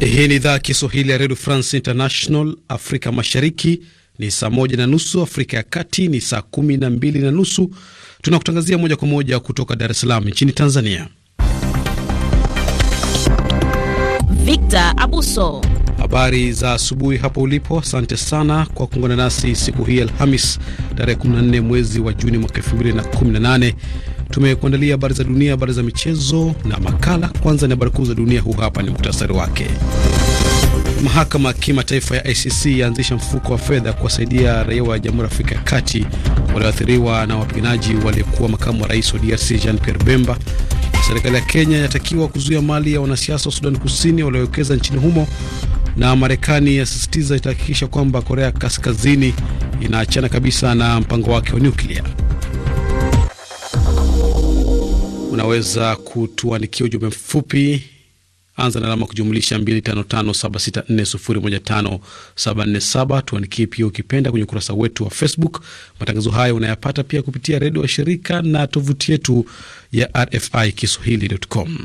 Hii ni idhaa ya Kiswahili ya redio France International. Afrika Mashariki ni saa moja na nusu, Afrika ya Kati ni saa kumi na mbili na nusu. Tunakutangazia moja kwa moja kutoka Dar es Salaam nchini Tanzania. Victor Abuso, habari za asubuhi hapo ulipo. Asante sana kwa kuungana nasi siku hii Alhamis, tarehe 14 mwezi wa Juni mwaka 2018. Tumekuandalia habari za dunia, habari za michezo na makala. Kwanza ni habari kuu za dunia, huu hapa ni muktasari wake. Mahakama ya kimataifa ya ICC yaanzisha mfuko wa fedha kuwasaidia raia wa Jamhuri ya Afrika ya Kati walioathiriwa na wapiganaji waliokuwa makamu wa rais wa DRC Jean Pierre Bemba. Serikali ya Kenya inatakiwa kuzuia mali ya wanasiasa wa Sudan Kusini waliowekeza nchini humo, na Marekani yasisitiza itahakikisha kwamba Korea Kaskazini inaachana kabisa na mpango wake wa nyuklia unaweza kutuandikia ujumbe mfupi, anza na alama kujumlisha 255764015747. Tuandikie pia ukipenda kwenye ukurasa wetu wa Facebook. Matangazo haya unayapata pia kupitia redio wa shirika na tovuti yetu ya RFI Kiswahili.com.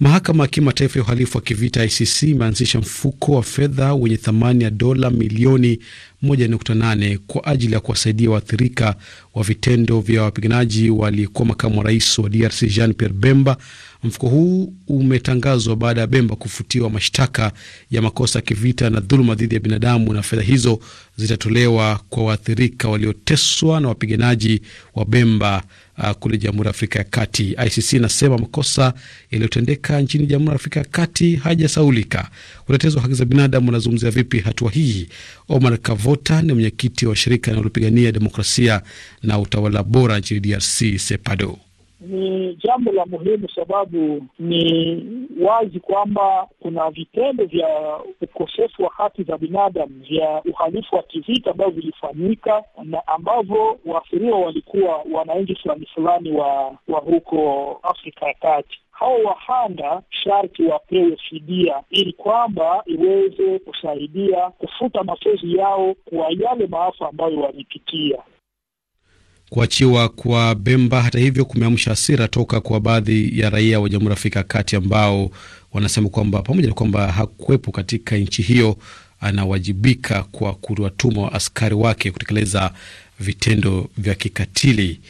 Mahakama ya Kimataifa ya Uhalifu wa Kivita ICC imeanzisha mfuko wa fedha wenye thamani ya dola milioni 1.8 kwa ajili ya kuwasaidia waathirika wa vitendo vya wapiganaji waliyekuwa makamu wa rais wa DRC Jean Pierre Bemba. Mfuko huu umetangazwa baada ya Bemba kufutiwa mashtaka ya makosa ya kivita na dhuluma dhidi ya binadamu, na fedha hizo zitatolewa kwa waathirika walioteswa na wapiganaji wa Bemba uh, kule Jamhuri ya Afrika ya Kati. ICC inasema makosa yaliyotendeka nchini Jamhuri ya Afrika ya Kati hajasaulika. Utetezi wa haki za binadamu unazungumzia vipi hatua hii? Omar Kavota ni mwenyekiti wa shirika linalopigania demokrasia na utawala bora nchini DRC, SEPADO ni jambo la muhimu, sababu ni wazi kwamba kuna vitendo vya ukosefu wa haki za binadamu vya uhalifu wa kivita ambavyo vilifanyika na ambavyo waathiriwa walikuwa wananchi fulani fulani wa, wa huko Afrika ya Kati hao wahanga sharti wapewe fidia ili kwamba iweze kusaidia kufuta machozi yao kwa yale maafa ambayo walipitia. Kuachiwa kwa Bemba hata hivyo kumeamsha hasira toka kwa baadhi ya raia wa Jamhuri ya Afrika ya Kati ambao wanasema kwamba pamoja na kwamba hakuwepo katika nchi hiyo, anawajibika kwa kuwatuma askari wake kutekeleza vitendo vya kikatili.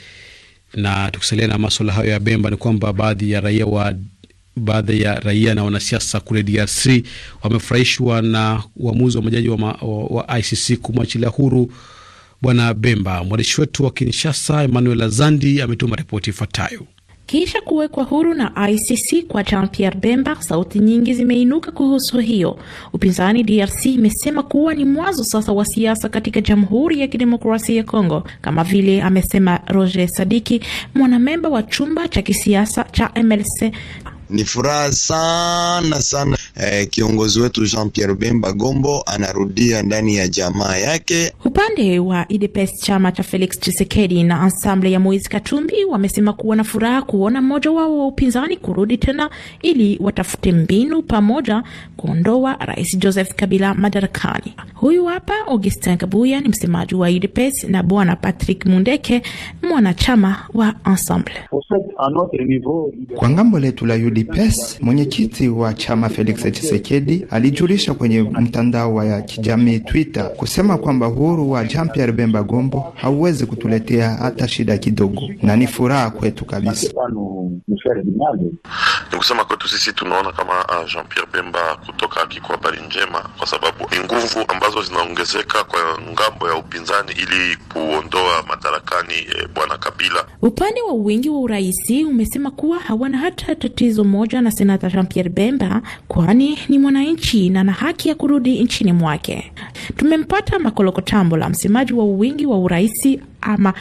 Na tukisalia na maswala hayo ya Bemba, ni kwamba baadhi ya raia wa baadhi ya raia na wanasiasa kule DRC wamefurahishwa na uamuzi wa majaji wa, ma, wa, wa ICC kumwachilia huru Bwana Bemba. Mwandishi wetu wa Kinshasa, Emmanuel Azandi, ametuma ripoti ifuatayo. Kisha kuwekwa huru na ICC kwa Jean Pierre Bemba, sauti nyingi zimeinuka kuhusu hiyo. Upinzani DRC imesema kuwa ni mwanzo sasa wa siasa katika Jamhuri ya Kidemokrasia ya Kongo, kama vile amesema Roger Sadiki, mwanamemba wa chumba cha kisiasa cha MLC ni furaha sana sana eh, kiongozi wetu Jean Pierre Bemba Gombo anarudia ndani ya jamaa yake. Upande wa UDPS chama cha Felix Tshisekedi na Ensemble ya Moise Katumbi wamesema kuwa na furaha kuona mmoja wao wa upinzani kurudi tena ili watafute mbinu pamoja kuondoa Rais Joseph Kabila madarakani. Huyu hapa Augustin Kabuya ni msemaji wa UDPS na Bwana Patrick Mundeke mwanachama wa Ensemble. Kwa ngambo letu la UDPS Lipes, mwenyekiti wa chama Felix Tshisekedi, alijulisha kwenye mtandao wa kijamii Twitter kusema kwamba uhuru wa Jean Pierre Bemba Gombo hauwezi kutuletea hata shida kidogo, na ni furaha kwetu kabisa. Ni kusema kwetu sisi tunaona kama ah, Jean Pierre Bemba kutoka akikuwa habari njema, kwa sababu ni nguvu ambazo zinaongezeka kwa ngambo ya upinzani ili kuondoa madarakani eh, bwana Kabila. Upande wa wingi wa uraisi umesema kuwa hawana hata tatizo mmoja na senata Jean-Pierre Bemba, kwani ni mwananchi na na haki ya kurudi nchini mwake. Tumempata Makoloko Tambola, msemaji wa uwingi wa uraisi ama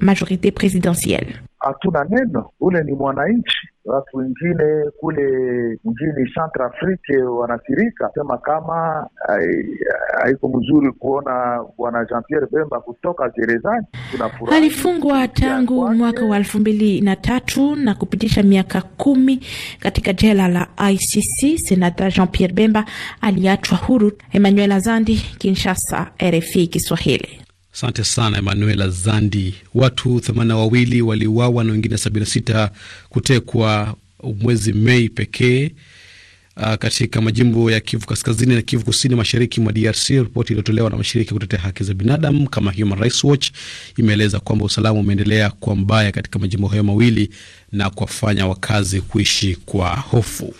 majorite presidentielle hatuna neno, ule ni mwananchi. Watu wengine kule mjini Afrique wanasirika sema kama haiko mzuri kuona bwana Jean Pierre Bemba kutoka gerezani. alifungwa tangu mwaka wa elfu mbili na tatu na kupitisha miaka kumi katika jela la ICC. Senata Jean Pierre Bemba aliachwa huru. Emmanuel Azandi, Kinshasa, RFI Kiswahili. Asante sana emmanuel Zandi. Watu 8 wawili waliuawa na wengine 76 kutekwa mwezi Mei pekee ah, katika majimbo ya Kivu Kaskazini na Kivu Kusini, mashariki mwa DRC. Ripoti iliyotolewa na mashirika kutetea haki za binadamu kama Human Rights Watch imeeleza kwamba usalama umeendelea kuwa mbaya katika majimbo hayo mawili na kuwafanya wakazi kuishi kwa hofu.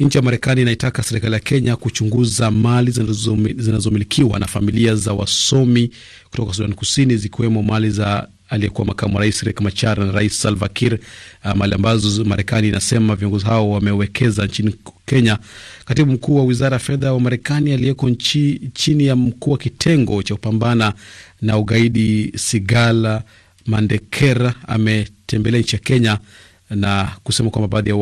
Nchi ya Marekani inaitaka serikali ya Kenya kuchunguza mali zinazomilikiwa na familia za wasomi kutoka Sudan Kusini, zikiwemo mali za aliyekuwa makamu wa rais Riek Machar na rais Salva Kiir, ah, mali ambazo Marekani inasema viongozi hao wamewekeza nchini Kenya. Katibu mkuu wa wizara ya fedha wa Marekani aliyeko nchi, chini ya mkuu wa kitengo cha kupambana na ugaidi Sigala Mandekera ametembelea nchi ya Kenya na kusema kwamba baadhi ya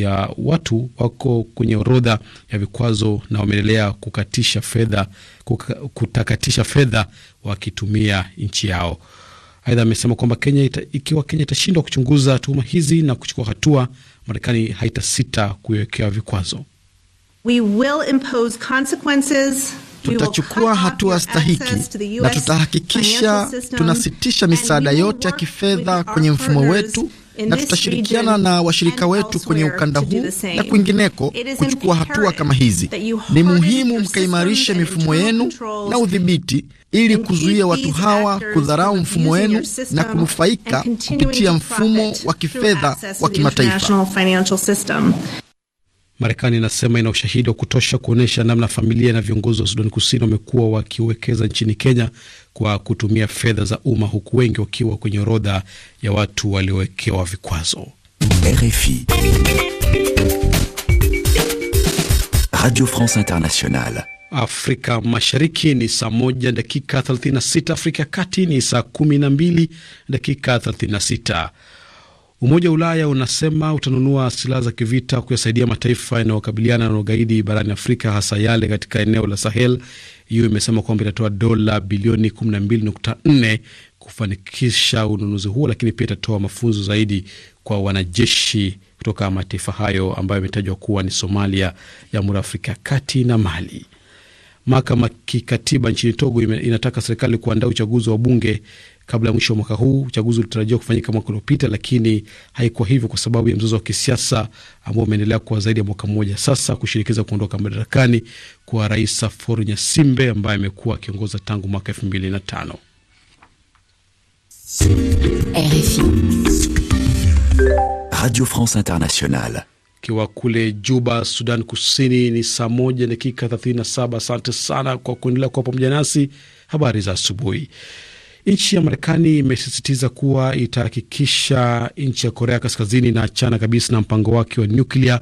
ya watu wako kwenye orodha ya vikwazo na wameendelea kukatisha fedha kuka, kutakatisha fedha wakitumia nchi yao. Aidha amesema kwamba Kenya ita, ikiwa Kenya itashindwa kuchunguza tuhuma hizi na kuchukua hatua, Marekani haitasita kuiwekea vikwazo. We will impose consequences Tutachukua hatua stahiki na tutahakikisha tunasitisha misaada yote ya kifedha kwenye mfumo wetu na tutashirikiana na washirika wetu kwenye ukanda huu na kwingineko kuchukua hatua kama hizi. Ni muhimu mkaimarishe mifumo yenu na udhibiti, ili kuzuia watu hawa kudharau mfumo wenu na kunufaika kupitia mfumo wa kifedha wa kimataifa. Marekani inasema ina ushahidi wa kutosha kuonyesha namna familia na viongozi wa Sudani Kusini wamekuwa wakiwekeza nchini Kenya kwa kutumia fedha za umma, huku wengi wakiwa kwenye orodha ya watu waliowekewa vikwazo. RFI Radio France Internationale. Afrika Mashariki ni saa moja dakika 36, Afrika ya Kati ni saa 12 dakika 36. Umoja wa Ulaya unasema utanunua silaha za kivita kuyasaidia mataifa yanayokabiliana na ugaidi barani Afrika, hasa yale katika eneo la Sahel. Hiyo imesema kwamba itatoa dola bilioni 12.4 kufanikisha ununuzi huo, lakini pia itatoa mafunzo zaidi kwa wanajeshi kutoka mataifa hayo ambayo ametajwa kuwa ni Somalia, Jamhuri ya Afrika ya Kati na Mali. Mahakama kikatiba nchini Togo inataka serikali kuandaa uchaguzi wa bunge kabla ya mwisho wa mwaka huu. Uchaguzi ulitarajiwa kufanyika mwaka uliopita, lakini haikuwa hivyo kwa sababu ya mzozo wa kisiasa ambao umeendelea kwa zaidi ya mwaka mmoja sasa, kushinikiza kuondoka madarakani kwa Rais Safori Nyasimbe ambaye amekuwa akiongoza tangu mwaka elfu mbili na tano. Radio France Internationale kiwa kule Juba, Sudan Kusini. Ni saa moja dakika 37. Asante sana kwa kuendelea kuwa pamoja nasi. Habari za asubuhi. Nchi ya Marekani imesisitiza kuwa itahakikisha nchi ya Korea Kaskazini inaachana kabisa na mpango wake wa nyuklia,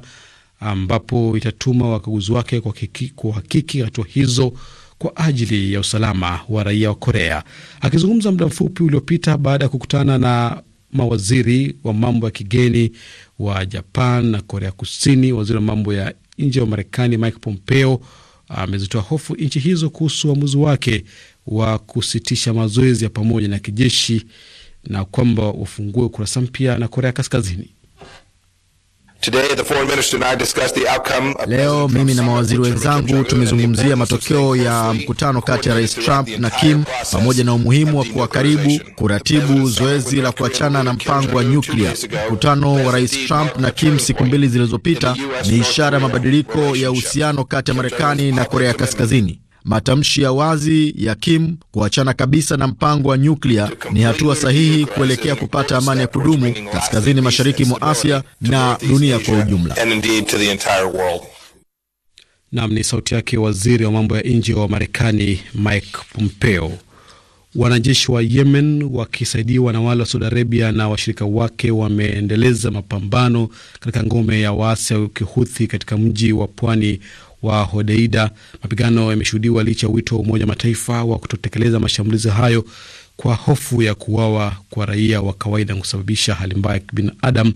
ambapo itatuma wakaguzi wake kuhakiki hatua hizo kwa ajili ya usalama wa raia wa Korea. Akizungumza muda mfupi uliopita baada ya kukutana na mawaziri wa mambo ya kigeni wa Japan na Korea Kusini, waziri wa mambo ya nje wa Marekani Mike Pompeo amezitoa hofu nchi hizo kuhusu uamuzi wake wa kusitisha mazoezi ya pamoja na kijeshi na kwamba wafungue ukurasa mpya na Korea Kaskazini. Today, the foreign minister and I discussed the outcome leo mimi na mawaziri wenzangu tumezungumzia matokeo ya mkutano kati ya Rais Trump na Kim pamoja na umuhimu wa kuwa karibu kuratibu zoezi la kuachana na mpango wa nyuklia. Mkutano wa Rais Trump na Kim siku mbili zilizopita ni ishara ya mabadiliko ya uhusiano kati ya Marekani na Korea Kaskazini. Matamshi ya wazi ya Kim kuachana kabisa na mpango wa nyuklia ni hatua sahihi kuelekea kupata amani ya kudumu kaskazini mashariki mwa Asia na dunia kwa ujumla. Nam ni sauti yake waziri wa mambo ya nje wa Marekani Mike Pompeo. Wanajeshi wa Yemen wakisaidiwa na wale wa Saudi Arabia na washirika wake wameendeleza mapambano katika ngome ya waasi wa Kihuthi katika mji wa pwani wa Hodeida. Mapigano yameshuhudiwa licha ya wito wa Umoja Mataifa wa kutotekeleza mashambulizi hayo kwa hofu ya kuuawa kwa raia wa kawaida na kusababisha hali mbaya ya kibinadamu.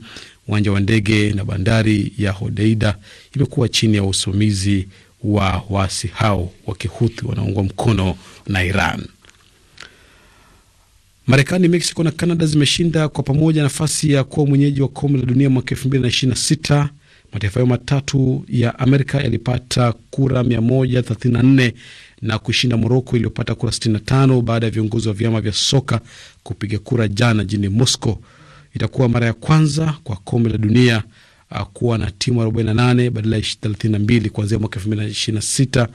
Uwanja wa ndege na bandari ya Hodeida imekuwa chini ya usimamizi wa waasi hao wa Kihuthi wanaoungwa mkono na Iran. Marekani, Mexico na Canada zimeshinda kwa pamoja nafasi ya kuwa mwenyeji wa kombe la dunia mwaka elfu mbili na ishirini na sita Mataifa hayo matatu ya Amerika yalipata kura 134 na kushinda Moroko iliyopata kura 65 baada ya viongozi wa vyama vya soka kupiga kura jana jini Moscow. Itakuwa mara ya kwanza kwa kombe la dunia uh, kuwa na timu 48 badala ya 32 kuanzia mwaka 2026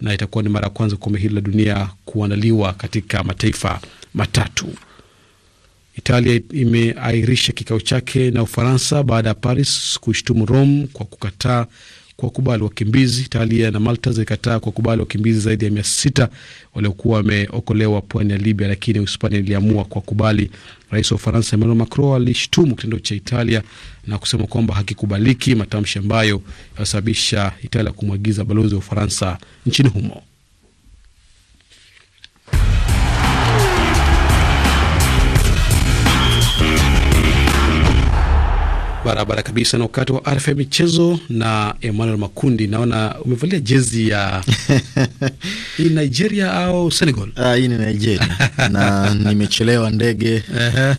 na itakuwa ni mara ya kwanza kombe hili la dunia kuandaliwa katika mataifa matatu. Italia imeahirisha kikao chake na Ufaransa baada ya Paris kushtumu Rome kwa kukataa kwa kubali wakimbizi. Italia na Malta zilikataa kwa kubali wakimbizi zaidi ya mia sita waliokuwa wameokolewa pwani ya Libya, lakini Hispania iliamua kwa kubali. Rais wa Ufaransa Emmanuel Macron alishtumu kitendo cha Italia na kusema kwamba hakikubaliki, matamshi ambayo yawasababisha Italia kumwagiza balozi wa Ufaransa nchini humo. barabara kabisa. Na wakati wa RFI michezo na Emmanuel Makundi, naona umevalia jezi ya Nigeria au Senegal? Ah, hii ni Nigeria na nimechelewa ndege,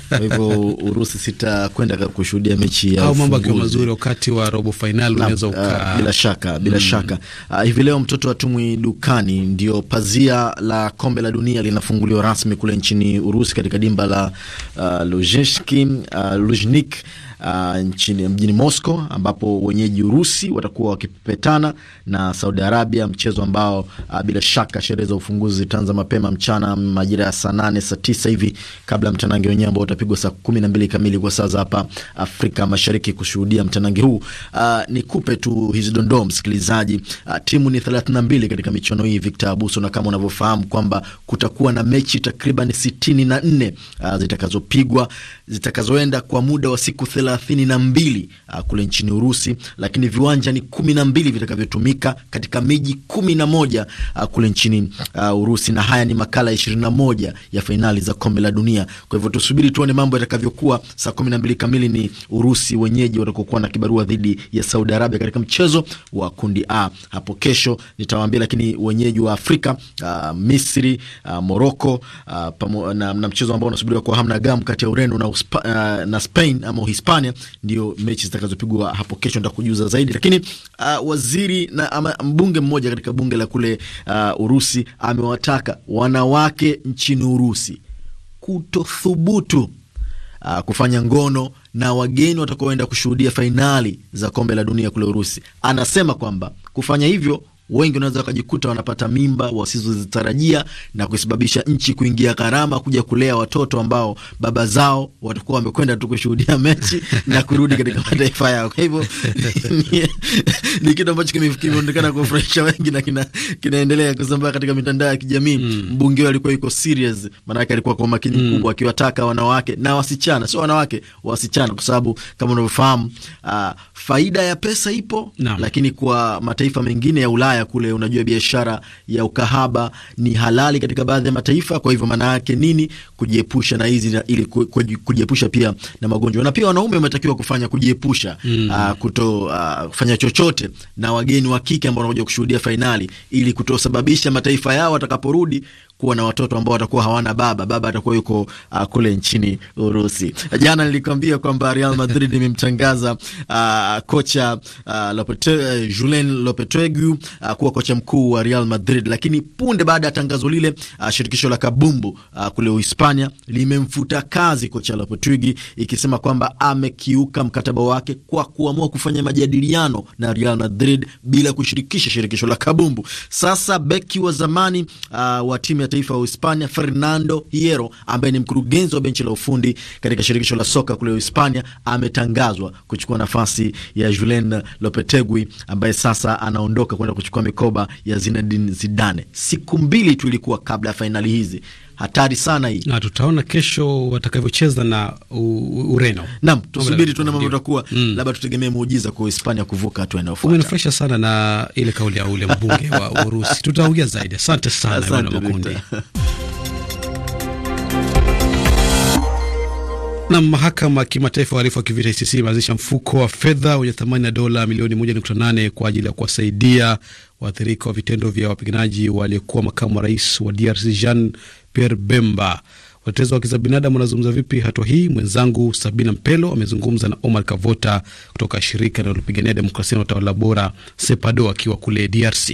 kwa hivyo Urusi sitakwenda kushuhudia mechi ya au mambo yakiwa mazuri wakati wa robo fainali unaweza ah, uka... bila shaka bila mm. shaka ah, hivi leo mtoto tumwi dukani, ndio pazia la kombe la dunia linafunguliwa rasmi kule nchini Urusi katika dimba la ah, uh, ah, Luzhniki uh, uh, nchini mjini Moscow ambapo wenyeji Urusi watakuwa wakipepetana na Saudi Arabia, mchezo ambao uh, bila shaka sherehe za ufunguzi zitaanza mapema mchana majira ya saa nane saa tisa hivi kabla ya mtanange wenyewe ambao utapigwa saa kumi na mbili kamili kwa saa za hapa Afrika Mashariki. Kushuhudia mtanange huu uh, nikupe tu hizi dondoo msikilizaji. Uh, timu ni 32 katika michuano hii Victor Abuso, na kama unavyofahamu kwamba kutakuwa na mechi takriban 64 uh, zitakazopigwa zitakazoenda kwa muda wa siku thelathini na mbili ah, kule nchini Urusi, lakini viwanja ni kumi na mbili vitakavyotumika katika miji kumi na moja ah, kule nchini uh, Urusi, na haya ni makala ishirini na moja ya fainali za kombe la dunia. Kwa hivyo tusubiri tuone mambo yatakavyokuwa. Saa kumi na mbili kamili ni Urusi wenyeji watakokuwa na kibarua dhidi ya Saudi Arabia katika mchezo wa kundi A hapo kesho, nitawaambia. Lakini wenyeji wa Afrika uh, Misri, uh, Moroko uh, na, na mchezo ambao unasubiriwa kwa hamna gamu kati ya Ureno na uh, na Spain ama Hispania ndio mechi zitakazopigwa hapo kesho, nitakujuza zaidi. Lakini uh, waziri na ama mbunge mmoja katika bunge la kule uh, Urusi amewataka wanawake nchini Urusi kutothubutu uh, kufanya ngono na wageni watakaoenda kushuhudia fainali za kombe la dunia kule Urusi. Anasema kwamba kufanya hivyo wengi wanaweza wakajikuta wanapata mimba wasizozitarajia na kusababisha nchi kuingia gharama kuja kulea watoto ambao baba zao watakuwa wamekwenda tu kushuhudia mechi na kurudi katika mataifa yao. Kwa hivyo ni kitu ambacho kimeonekana kufurahisha wengi na kina, kinaendelea kusambaa katika mitandao ya kijamii mm. Mbunge alikuwa yuko serious, maanake alikuwa kwa makini mm. kubwa akiwataka wanawake na wasichana, sio wanawake, wasichana, kwa sababu kama unavyofahamu, uh, faida ya pesa ipo no. lakini kwa mataifa mengine ya Ulaya Ulaya kule, unajua biashara ya ukahaba ni halali katika baadhi ya mataifa. Kwa hivyo maana yake nini? Kujiepusha na hizi ili kujiepusha pia na magonjwa, na pia wanaume wametakiwa kufanya kujiepusha mm. Ah, kuto ah, kufanya chochote na wageni wa kike ambao wanakuja kushuhudia fainali ili kutosababisha mataifa yao watakaporudi kuwa na watoto ambao watakuwa hawana baba, baba atakuwa yuko uh, kule nchini Urusi. Jana nilikwambia kwamba Real Madrid imemtangaza uh, kocha uh, ah, Lopete, uh, Julen Lopetegu uh, kuwa kocha mkuu wa Real Madrid, lakini punde baada ya tangazo lile uh, shirikisho la kabumbu uh, kule Uhispania limemfuta kazi kocha Lopetegu ikisema kwamba amekiuka mkataba wake kwa kuamua kufanya majadiliano na Real Madrid bila kushirikisha shirikisho la kabumbu. Sasa beki wa zamani uh, wa timu ya taifa wa uhispania Fernando Hierro ambaye ni mkurugenzi wa benchi la ufundi katika shirikisho la soka kule uhispania ametangazwa kuchukua nafasi ya Julen Lopetegui ambaye sasa anaondoka kwenda kuchukua mikoba ya Zinedine Zidane. Siku mbili tu ilikuwa kabla ya fainali hizi hatari sana hii, na tutaona kesho watakavyocheza na Ureno. Naam, tusubiri tuone mambo yatakuwa, mm. labda tutegemee muujiza kwa Hispania kuvuka hatua inayofuata. Umenifurahisha sana na ile kauli ya ule mbunge wa Urusi, tutaongea zaidi. Asante sana bwana Makundi. na mahakama ya kimataifa wahalifu wa kivita ICC imeanzisha mfuko wa fedha wenye thamani ya dola milioni 1.8 kwa ajili ya kuwasaidia waathirika wa vitendo vya wapiganaji waliokuwa makamu wa rais wa DRC Jean Pierre Bemba. Watetezi wa haki za binadamu wanazungumza vipi hatua hii? Mwenzangu Sabina Mpelo amezungumza na Omar Kavota kutoka shirika linalopigania demokrasia na utawala bora SEPADO akiwa kule DRC.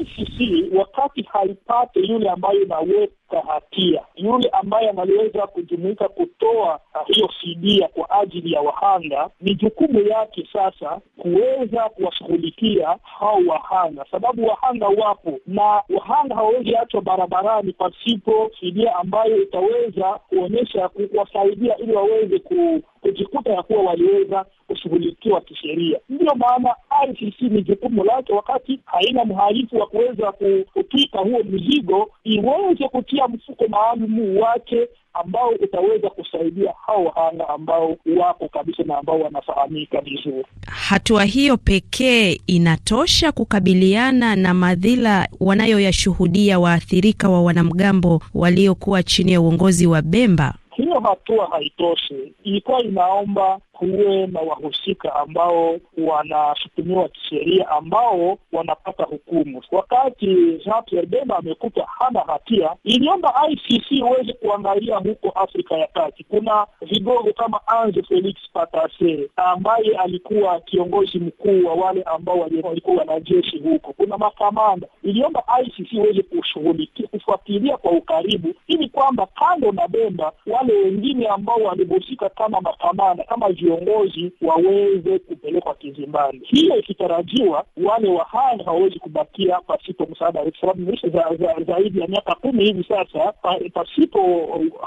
ICC wakati haipate yule ambayo inaweka hatia. Yule ambaye anaweza kujumuika kutoa hiyo fidia kwa ajili ya wahanga, ni jukumu yake sasa kuweza kuwashughulikia hao wahanga, sababu wahanga wapo na wahanga hawawezi achwa barabarani pasipo fidia ambayo itaweza kuonyesha kuwasaidia ili waweze ku kujikuta ya kuwa waliweza kushughulikiwa kisheria. Ndiyo maana ICC ni jukumu lake, wakati haina mhalifu wa kuweza kupita huo mzigo, iweze kuti kupitia mfuko maalum wake ambao utaweza kusaidia hao wahanga ambao wako kabisa na ambao wanafahamika vizuri. Hatua hiyo pekee inatosha kukabiliana na madhila wanayoyashuhudia waathirika wa wanamgambo waliokuwa chini ya uongozi wa Bemba. Hiyo hatua haitoshi, ilikuwa inaomba kuwe na wahusika ambao wanashutumiwa kisheria ambao wanapata hukumu. Wakati Jean Pierre Bemba amekuta hana hatia, iliomba ICC iweze kuangalia huko Afrika ya Kati. Kuna vigogo kama Ange Felix patase ambaye alikuwa kiongozi mkuu wa wale ambao walikuwa wanajeshi huko. Kuna makamanda, iliomba ICC iweze kushughulikia, kufuatilia kwa ukaribu, ili kwamba kando na Bemba wale wengine ambao walihusika kama makamanda kama viongozi waweze kupelekwa kizimbani. Hiyo ikitarajiwa, wale wahanga hawawezi kubakia pasipo msaada, kwa sababu imeisha za, za, zaidi ya miaka kumi hivi sasa pasipo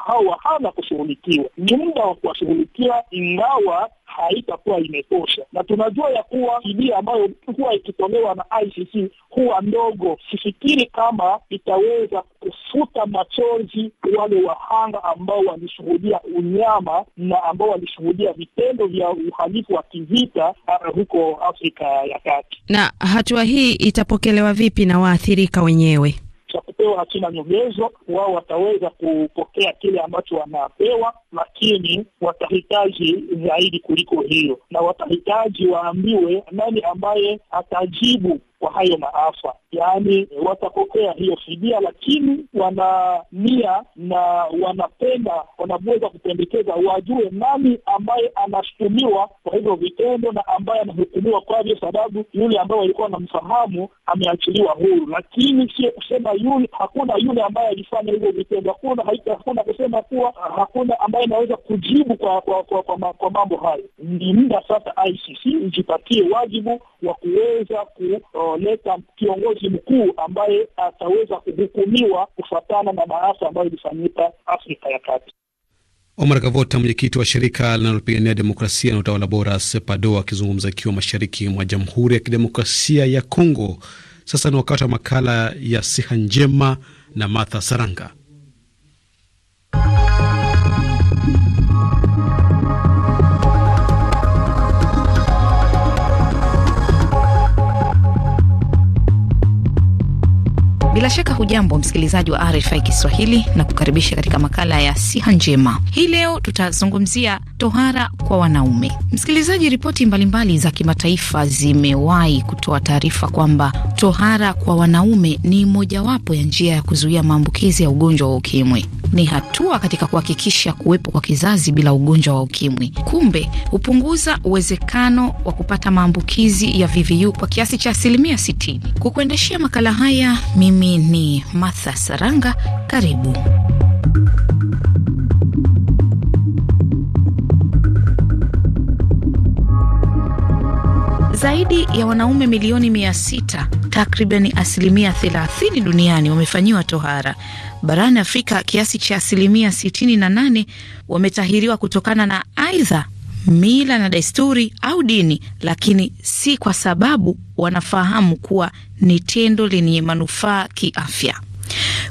hao wahanga kushughulikiwa. Ni muda wa kuwashughulikia, ingawa haitakuwa imetosha, na tunajua ya kuwa fidia ambayo huwa ikitolewa na ICC huwa ndogo. Sifikiri kama itaweza kufuta machozi wale wahanga ambao walishuhudia unyama na ambao walishuhudia vitendo vya uhalifu wa kivita uh, huko Afrika ya Kati. Na hatua hii itapokelewa vipi na waathirika wenyewe? cha kupewa hakina nyongezo. Wao wataweza kupokea kile ambacho wanapewa, lakini watahitaji zaidi kuliko hiyo, na watahitaji waambiwe nani ambaye atajibu wa hayo maafa, yaani e, watapokea hiyo fidia, lakini wana nia na wanapenda, wanaweza kupendekeza wajue nani ambaye anashutumiwa kwa hivyo vitendo na ambaye anahukumiwa kwavyo, sababu yule ambaye walikuwa wanamfahamu ameachiliwa huru, lakini sio kusema yule, hakuna yule ambaye alifanya hivyo vitendo, hakuna hakuna kusema kuwa ah, hakuna ambaye anaweza kujibu kwa kwa, kwa, kwa, kwa mambo hayo. Ni muda sasa ICC ijipatie wajibu wa kuweza ku uh, wanaoleta kiongozi mkuu ambaye ataweza kuhukumiwa kufuatana na maafa ambayo ilifanyika Afrika ya Kati. Omar Kavota, mwenyekiti wa shirika linalopigania demokrasia na utawala bora SEPADO, akizungumza akiwa mashariki mwa Jamhuri ya Kidemokrasia ya Kongo. Sasa ni wakati wa makala ya Siha Njema na Martha Saranga. Bila shaka hujambo msikilizaji wa RFI Kiswahili na kukaribisha katika makala ya siha njema. Hii leo tutazungumzia tohara kwa wanaume. Msikilizaji, ripoti mbalimbali za kimataifa zimewahi kutoa taarifa kwamba tohara kwa wanaume ni mojawapo ya njia ya kuzuia maambukizi ya ugonjwa wa ukimwi ni hatua katika kuhakikisha kuwepo kwa kizazi bila ugonjwa wa ukimwi. Kumbe hupunguza uwezekano wa kupata maambukizi ya VVU kwa kiasi cha asilimia 60. Kukuendeshea makala haya mimi ni Martha Saranga, karibu. Zaidi ya wanaume milioni mia sita takriban asilimia 30 duniani wamefanyiwa tohara. Barani Afrika kiasi cha asilimia 68 wametahiriwa kutokana na aidha mila na desturi au dini, lakini si kwa sababu wanafahamu kuwa ni tendo lenye manufaa kiafya.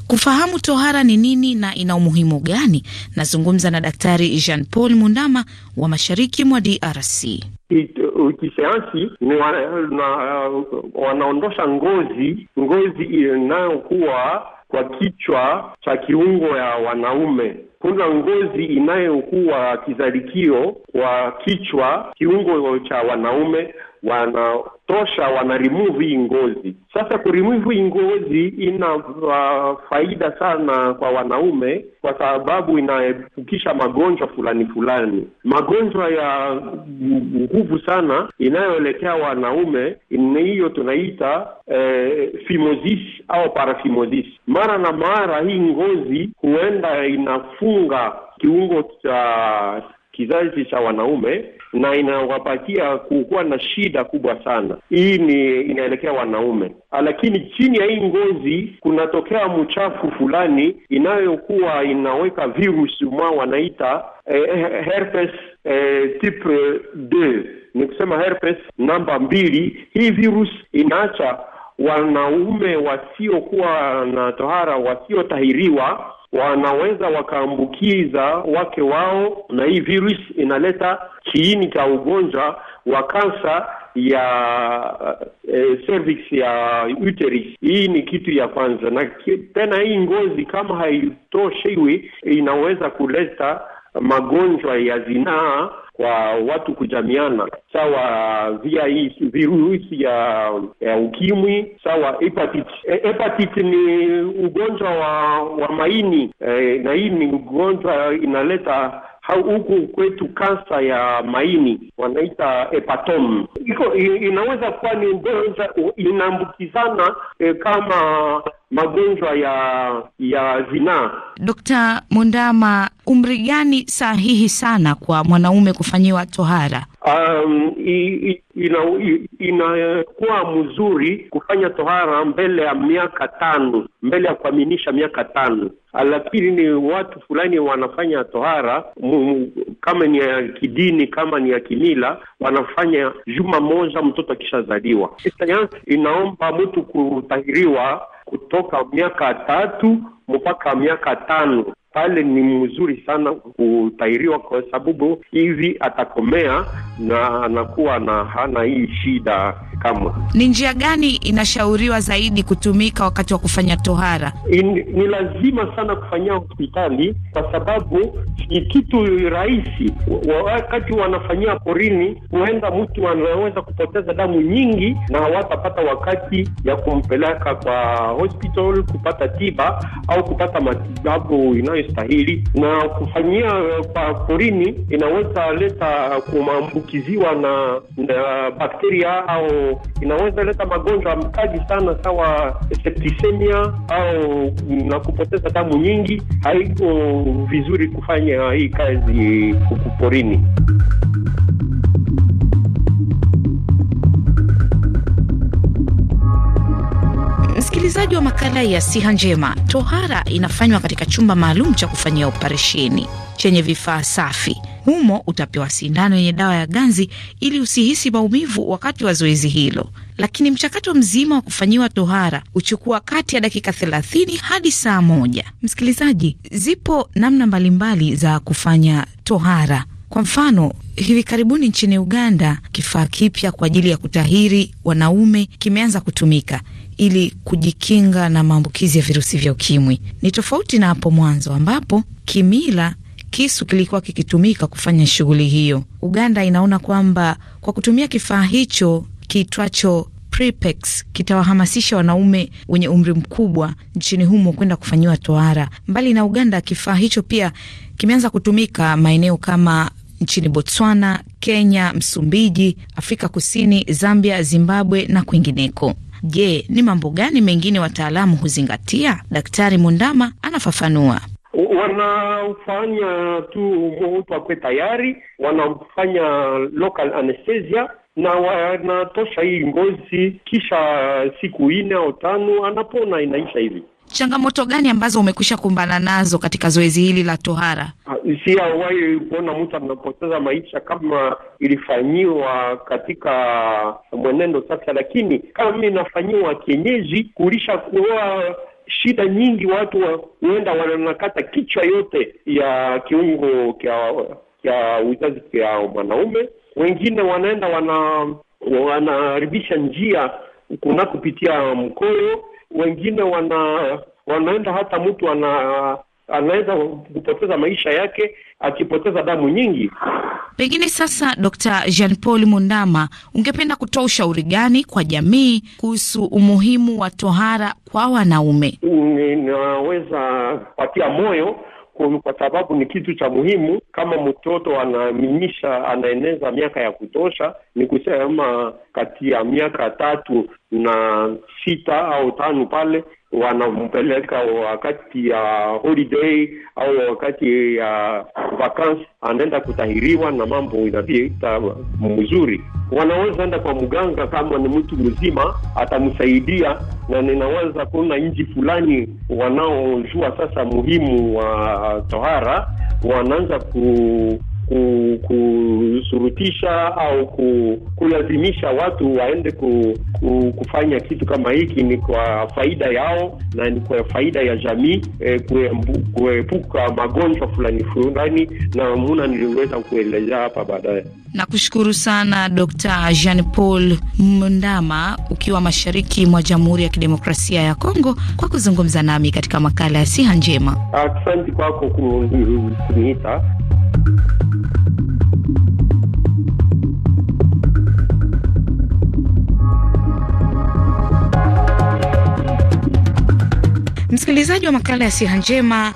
Kufahamu tohara ni nini na ina umuhimu gani, nazungumza na Daktari Jean Paul Mundama wa mashariki mwa DRC kisayansi ni wanaondosha wana ngozi ngozi inayokuwa kwa kichwa cha kiungo ya wanaume. Kuna ngozi inayokuwa kizalikio kwa kichwa kiungo cha wanaume wanatosha wana remove hii ngozi. Sasa ku remove hii ngozi ina uh, faida sana kwa wanaume, kwa sababu inaepukisha magonjwa fulani fulani, magonjwa ya nguvu sana inayoelekea wanaume ni hiyo tunaita eh, fimosis au parafimosis. Mara na mara hii ngozi huenda inafunga kiungo cha kizazi cha wanaume na inawapatia kukuwa na shida kubwa sana. Hii ni inaelekea wanaume, lakini chini ya hii ngozi kunatokea mchafu fulani inayokuwa inaweka virusi mwa wanaita eh, eh, eh, herpes eh, type 2 ni kusema herpes namba mbili. Hii virus inaacha wanaume wasiokuwa na tohara wasiotahiriwa wanaweza wakaambukiza wake wao, na hii virus inaleta kiini cha ugonjwa wa kansa ya eh, eh cervix ya uterus. Hii ni kitu ya kwanza, na tena hii ngozi kama haitoshiwi inaweza kuleta magonjwa ya zinaa kwa watu kujamiana, sawa via hii virusi ya, ya ukimwi, sawa hepatitis. E, ni ugonjwa wa, wa maini e, na hii ni ugonjwa inaleta au huku kwetu kansa ya maini wanaita hepatom iko inaweza kuwa ni ugonjwa inaambukizana e, kama magonjwa ya ya zinaa. Dkt. Mundama, umri gani sahihi sana kwa mwanaume kufanyiwa tohara? um, inakuwa ina, mzuri kufanya tohara mbele ya miaka tano, mbele ya kuaminisha miaka tano lakini ni watu fulani wanafanya tohara m, kama ni ya kidini kama ni ya kimila, wanafanya juma moja mtoto akishazaliwa. Sayansi inaomba mtu kutahiriwa kutoka miaka tatu mpaka miaka tano pale ni mzuri sana kutairiwa, kwa sababu hivi atakomea na anakuwa na hana hii shida kamwe. Ni njia gani inashauriwa zaidi kutumika wakati wa kufanya tohara? In, ni lazima sana kufanyia hospitali kwa sababu ni kitu rahisi. Wakati wanafanyia porini, huenda mtu anaweza kupoteza damu nyingi na hawatapata wakati ya kumpeleka kwa hospital kupata tiba au kupata matibabu inayostahili, na kufanyia eh, kwa porini inaweza leta kumaambukiziwa na, na bakteria au inaweza leta magonjwa mkaji sana sawa septicemia au na kupoteza damu nyingi. Haiko vizuri kufanya hii kazi huku porini. Msikilizaji wa makala ya siha njema, tohara inafanywa katika chumba maalum cha kufanyia operesheni chenye vifaa safi Humo utapewa sindano yenye dawa ya ganzi ili usihisi maumivu wakati wa zoezi hilo, lakini mchakato mzima wa kufanyiwa tohara huchukua kati ya dakika thelathini hadi saa moja. Msikilizaji, zipo namna mbalimbali za kufanya tohara. Kwa mfano, hivi karibuni nchini Uganda kifaa kipya kwa ajili ya kutahiri wanaume kimeanza kutumika ili kujikinga na maambukizi ya virusi vya ukimwi. Ni tofauti na hapo mwanzo ambapo kimila kisu kilikuwa kikitumika kufanya shughuli hiyo. Uganda inaona kwamba kwa kutumia kifaa hicho kiitwacho Prepex kitawahamasisha wanaume wenye umri mkubwa nchini humo kwenda kufanyiwa tohara. Mbali na Uganda, kifaa hicho pia kimeanza kutumika maeneo kama nchini Botswana, Kenya, Msumbiji, Afrika Kusini, Zambia, Zimbabwe na kwingineko. Je, ni mambo gani mengine wataalamu huzingatia? Daktari Mundama anafafanua wanafanya tu mtu akwe tayari, wanamfanya local anesthesia na wanatosha hii ngozi, kisha siku ine au tano anapona, inaisha hivi. Changamoto gani ambazo umekwisha kumbana nazo katika zoezi hili la tohara? Ah, si hawahi kuona mtu anapoteza maisha kama ilifanyiwa katika mwenendo sasa, lakini kama mimi inafanyiwa kienyeji kulisha kuoa shida nyingi, watu huenda wa, wananakata kichwa yote ya kiungo kya kya uzazi kya mwanaume, wengine wanaenda wana wanaharibisha njia kuna kupitia mkoyo, wengine wana wanaenda hata mtu ana anaweza kupoteza maisha yake akipoteza damu nyingi. Pengine sasa, Dr. Jean Paul Mundama, ungependa kutoa ushauri gani kwa jamii kuhusu umuhimu wa tohara kwa wanaume? Ninaweza kupatia moyo kwa sababu ni kitu cha muhimu. Kama mtoto anaminyisha anaeneza miaka ya kutosha, ni kusema kati ya miaka tatu na sita au tano pale, wanampeleka wakati ya holiday au wakati ya vakansi, anaenda kutahiriwa na mambo inapita mzuri. Wanaweza enda kwa mganga, kama ni mtu mzima atamsaidia, na ninaweza kuna nchi fulani wanaojua sasa muhimu wa tohara wanaanza ku kushurutisha au kulazimisha watu waende ku, ku, kufanya kitu kama hiki ni kwa faida yao na ni kwa faida ya jamii eh, kuepuka magonjwa fulani fulani, na muna niliweza kuelezea hapa baadaye. Nakushukuru sana Dr. Jean Paul Mndama ukiwa mashariki mwa Jamhuri ya Kidemokrasia ya Kongo kwa kuzungumza nami katika makala ya Siha Njema. Asante kwako kuniita. Msikilizaji wa makala ya siha njema,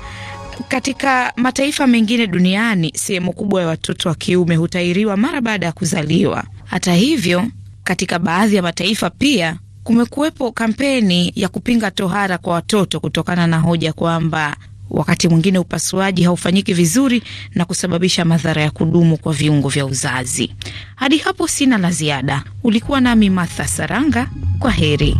katika mataifa mengine duniani sehemu kubwa ya watoto wa kiume hutairiwa mara baada ya kuzaliwa. Hata hivyo, katika baadhi ya mataifa pia kumekuwepo kampeni ya kupinga tohara kwa watoto kutokana na hoja kwamba wakati mwingine upasuaji haufanyiki vizuri na kusababisha madhara ya kudumu kwa viungo vya uzazi. Hadi hapo sina la ziada. Ulikuwa nami Martha Saranga, kwa heri.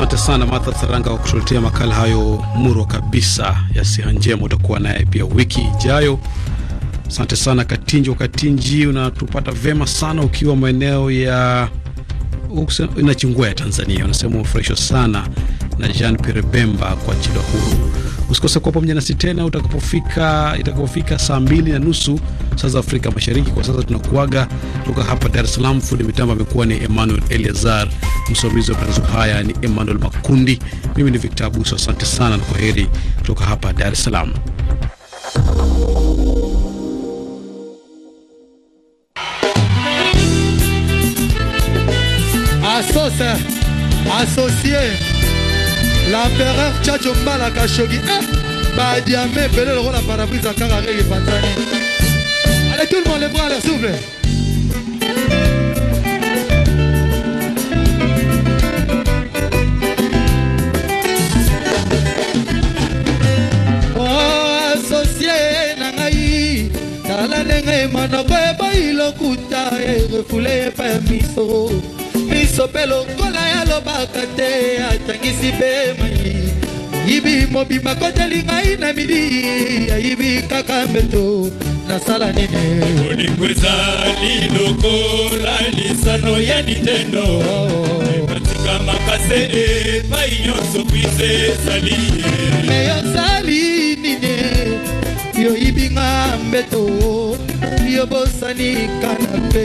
Asante sana Martha Saranga kwa kutuletea makala hayo muro kabisa ya siha njema. Utakuwa naye pia wiki ijayo. Asante sana Katinji wa Katinji, unatupata vema sana ukiwa maeneo ya Nachingwea ya Tanzania. Unasema umefurahishwa sana na Jean Pierre Bemba kwa chilo huru Usikose kuwa pamoja nasi tena utakapofika itakapofika saa mbili na nusu saa za Afrika Mashariki. Kwa sasa tunakuaga kutoka hapa Dar es Salaam. Fundi mitambo amekuwa ni Emmanuel Eliazar, msimamizi wa matangazo haya ni Emmanuel Makundi, mimi ni Victor Abuso. Asante sana na kwa heri kutoka hapa Dar es Salaam. Asosa, asosie l'empereur tchacho mbalaka shogi eh, badiame ebele lokola parabrise akaka rege panzani allez tout le monde les bras les souffle oh, asocie na ngai tala ndenge monoko eba ilokuta erefule eh, epa ya miso miso mpe lokola yalobaka te atangisi mpe mai ayibi mobimba koteli ngai na midi ayibi kaka mbeto nasala nini bolingo ezali lokola lisano ya nitendo epatika makase epai nyonso kuise ezali ye me yozali nini yoyibi nga mbeto yobosani kana mpe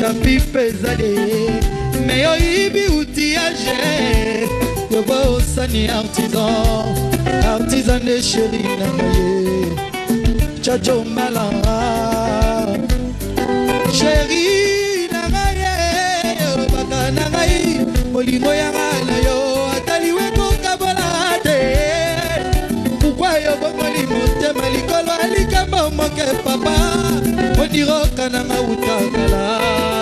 tapi mpe ezali me oyibi outillage yoba osani artisan artisan de sheri na ngaye chacho malanga sheri na ngaye baka na ngai molingo yanga na yo ataliwekokabola te pourkwi yobongoli motema likolo alikambo moke papa moniroka nanga utakala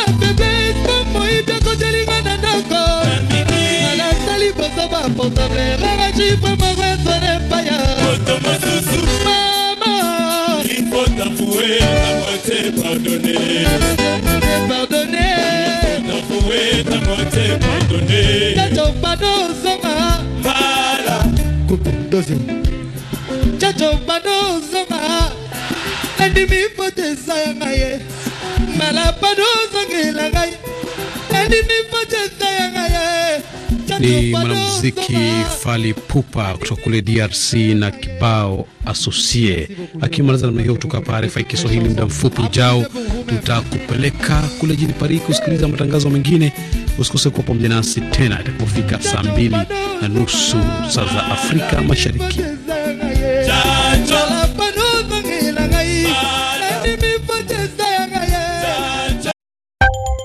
Nipia kotelinga na ndoko Anastali poso ba ni mwanamuziki fali Pupa kutoka kule DRC na kibao asosie. Akimaliza namna hiyo, kutoka hapa RFI Kiswahili, muda mfupi ujao tutakupeleka kule jini Paris kusikiliza matangazo mengine. Usikose kuwa pamoja nasi tena itakapofika saa mbili na nusu saa za Afrika Mashariki.